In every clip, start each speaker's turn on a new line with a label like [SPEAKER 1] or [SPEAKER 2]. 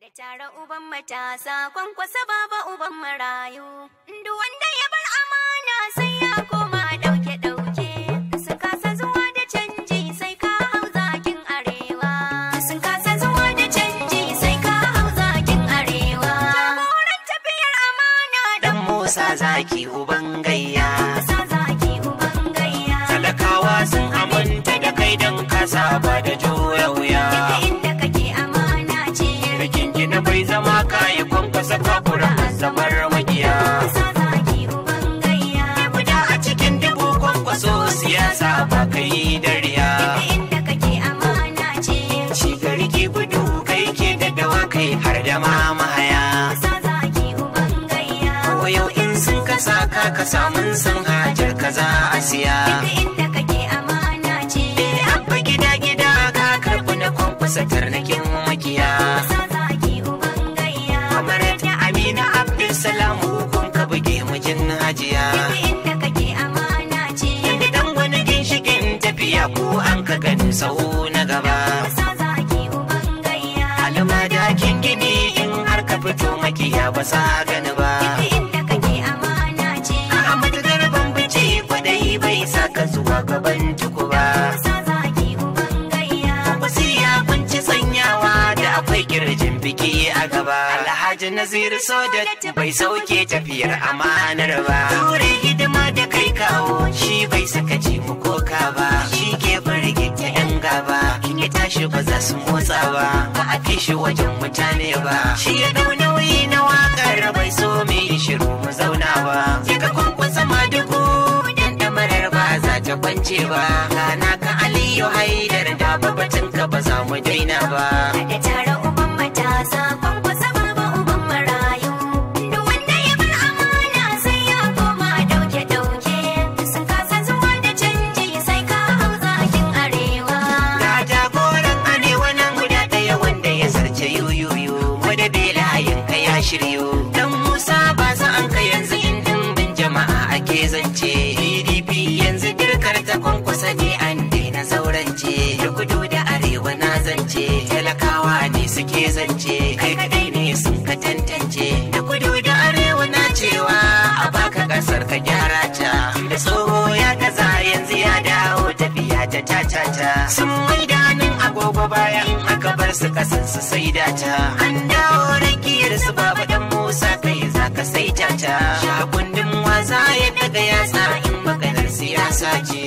[SPEAKER 1] Da tara uban matasa kwankwasa baba uban marayu. Duk wanda ya bar amana sai ya koma ɗauke ɗauke. Sun kasa zuwa da canji sai ka hau zakin arewa. Sun kasa zuwa da canji sai ka hau zakin arewa. Jagoran tafiyar amana. Dan Musa
[SPEAKER 2] zaki uban gayya. Musa zaki uban gayya. Talakawa sun aminta da kai don kasa siya inda kake amana ce eh, abba gida gida ka karbu na kwankwasa tarnakin makiya kamarata amina abdul salam hukun ka buge mijin hajiya inda kake amana ce inda dan wani ginshigin tafiya ko an ka gani sau na gaba alma dakin gini in har ka fito makiya ba sa ba alhaji naziru sodat bai sauke tafiyar amanar ba ture hidima da kai kawo shi bai sakaci mu koka ba shi ke firgita yan gaba Kin ya tashi ba za su motsa ba ba a kai shi wajen mutane ba shi ya dau nauyi na wakar bai so mu yi shiru mu zauna ba ka kwankwasa duku dan damarar ba za ta kwance ba kana ka aliyu haidar da babatinka ba za mu daina ba da tara uban matasa wa'adi suke zance kai kadai ne sun katantance. tantance da kudu da arewa na cewa a baka kasar ka gyara ta da tsoho ya gaza yanzu ya dawo tafiya ta ta ta ta sun mai danin agogo baya in aka bar su kasan su sai da ta an dawo rakiyar su babu dan musa kai za ka sai ta ta shagundin waza ya daga yatsa in maganar siyasa ce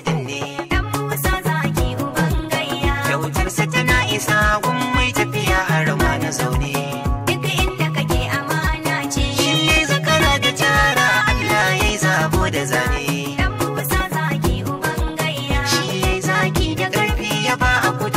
[SPEAKER 2] gadin ne dan musa zaki uban gayya kyautarsa tana isa gun mai tafiya har ma na zaune duk inda kake amana ce shi zakara da tara Allah yi zabo da zane dan musa zaki uban gayya shi zaki da karfi ya ba a